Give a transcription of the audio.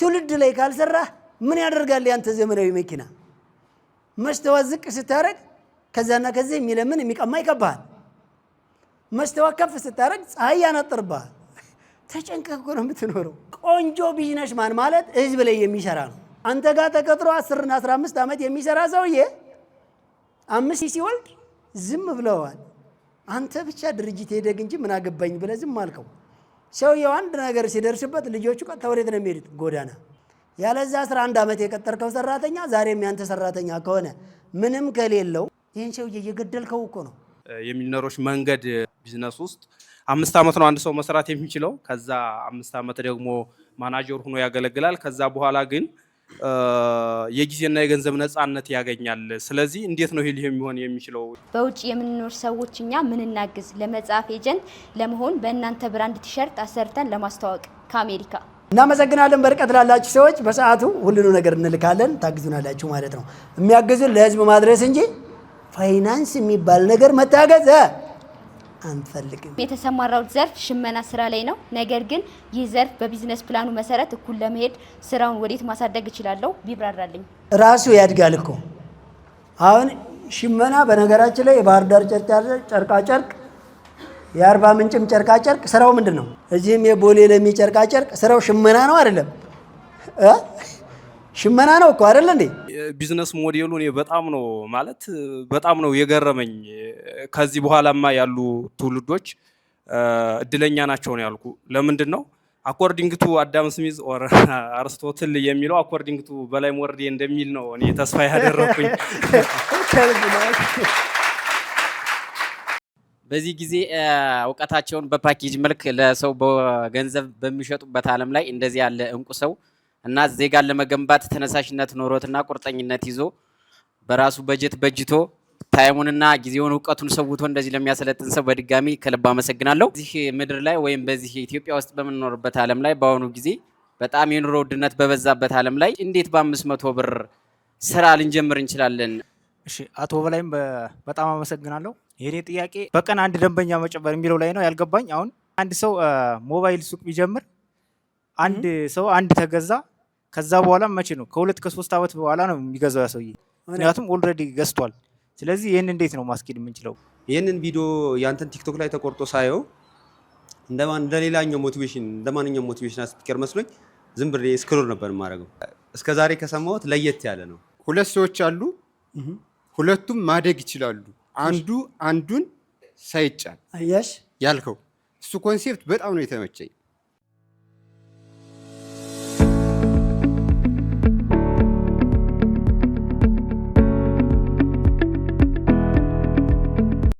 ትውልድ ላይ ካልሰራህ ምን ያደርጋል ያንተ ዘመናዊ መኪና? መስተዋት ዝቅ ስታደረግ ከዛና ከዚህ የሚለምን የሚቀማ ይቀባሃል። መስተዋት ከፍ ስታደረግ ፀሐይ ያናጥርብሃል። ተጨንቀህ እኮ ነው የምትኖረው። ቆንጆ ቢዝነስ ማን ማለት ህዝብ ላይ የሚሰራ ነው። አንተ ጋር ተቀጥሮ አስርና አስራ አምስት ዓመት የሚሰራ ሰውዬ አምስት ሲወልድ ዝም ብለዋል። አንተ ብቻ ድርጅት ሄደግ እንጂ ምን አገባኝ ብለህ ዝም አልከው። ሰውየው አንድ ነገር ሲደርስበት ልጆቹ ቀጥታ ወዴት ነው የሚሄዱት? ጎዳና። ያለዛ አስራ አንድ ዓመት የቀጠርከው ሰራተኛ ዛሬም ያንተ ሰራተኛ ከሆነ ምንም ከሌለው ይህን ሰውዬ እየገደልከው እኮ ነው። የሚሊነሮች መንገድ ቢዝነስ ውስጥ አምስት ዓመት ነው አንድ ሰው መስራት የሚችለው። ከዛ አምስት ዓመት ደግሞ ማናጀር ሆኖ ያገለግላል። ከዛ በኋላ ግን የጊዜና የገንዘብ ነፃነት ያገኛል። ስለዚህ እንዴት ነው ይህ የሚሆን የሚችለው? በውጭ የምንኖር ሰዎች እኛ ምንናግዝ ለመጽሐፍ ኤጀንት ለመሆን በእናንተ ብራንድ ቲሸርት አሰርተን ለማስተዋወቅ ከአሜሪካ እናመሰግናለን። በርቀት ላላችሁ ሰዎች በሰዓቱ ሁሉንም ነገር እንልካለን፣ ታግዙናላችሁ ማለት ነው። የሚያግዙን ለህዝብ ማድረስ እንጂ ፋይናንስ የሚባል ነገር መታገዝ አንፈልግም። የተሰማራው ዘርፍ ሽመና ስራ ላይ ነው። ነገር ግን ይህ ዘርፍ በቢዝነስ ፕላኑ መሰረት እኩል ለመሄድ ስራውን ወዴት ማሳደግ እችላለሁ? ቢብራራልኝ። ራሱ ያድጋል እኮ አሁን ሽመና። በነገራችን ላይ የባህር ዳር ጨርቃጨርቅ፣ የአርባ ምንጭም ጨርቃጨርቅ ስራው ምንድን ነው? እዚህም የቦሌ ለሚ ጨርቃጨርቅ ስራው ሽመና ነው አይደለም? ሽመና ነው እኮ አይደለ እንዴ? ቢዝነስ ሞዴሉ እኔ በጣም ነው ማለት በጣም ነው የገረመኝ። ከዚህ በኋላማ ያሉ ትውልዶች እድለኛ ናቸው ነው ያልኩ። ለምንድን ነው አኮርዲንግ ቱ አዳም ስሚዝ ኦር አርስቶትል የሚለው አኮርዲንግ ቱ በላይ ሞርዴ እንደሚል ነው እኔ ተስፋ ያደረኩኝ። በዚህ ጊዜ እውቀታቸውን በፓኬጅ መልክ ለሰው በገንዘብ በሚሸጡበት ዓለም ላይ እንደዚህ ያለ እንቁ ሰው እና ዜጋን ለመገንባት ተነሳሽነት ኖሮትና ቁርጠኝነት ይዞ በራሱ በጀት በጅቶ ታይሙንና ጊዜውን እውቀቱን ሰውቶ እንደዚህ ለሚያሰለጥን ሰው በድጋሚ ከልብ አመሰግናለሁ። እዚህ ምድር ላይ ወይም በዚህ ኢትዮጵያ ውስጥ በምንኖርበት ዓለም ላይ በአሁኑ ጊዜ በጣም የኑሮ ውድነት በበዛበት ዓለም ላይ እንዴት በአምስት መቶ ብር ስራ ልንጀምር እንችላለን? እሺ አቶ በላይም በጣም አመሰግናለሁ። የኔ ጥያቄ በቀን አንድ ደንበኛ መጨመር የሚለው ላይ ነው ያልገባኝ። አሁን አንድ ሰው ሞባይል ሱቅ ቢጀምር አንድ ሰው አንድ ተገዛ ከዛ በኋላ መቼ ነው? ከሁለት ከሶስት ዓመት በኋላ ነው የሚገዛው ያ ሰውዬ፣ ምክንያቱም ኦልሬዲ ገዝቷል። ስለዚህ ይህን እንዴት ነው ማስኬድ የምንችለው? ይህንን ቪዲዮ ያንተን ቲክቶክ ላይ ተቆርጦ ሳየው እንደሌላኛው ሞቲቬሽን እንደማንኛውም ሞቲቬሽን ስፒከር መስሎኝ ዝም ብሬ ስክሮል ነበር የማደርገው። እስከዛሬ ከሰማሁት ለየት ያለ ነው። ሁለት ሰዎች አሉ፣ ሁለቱም ማደግ ይችላሉ። አንዱ አንዱን ሳይጫን ያልከው እሱ ኮንሴፕት በጣም ነው የተመቸኝ።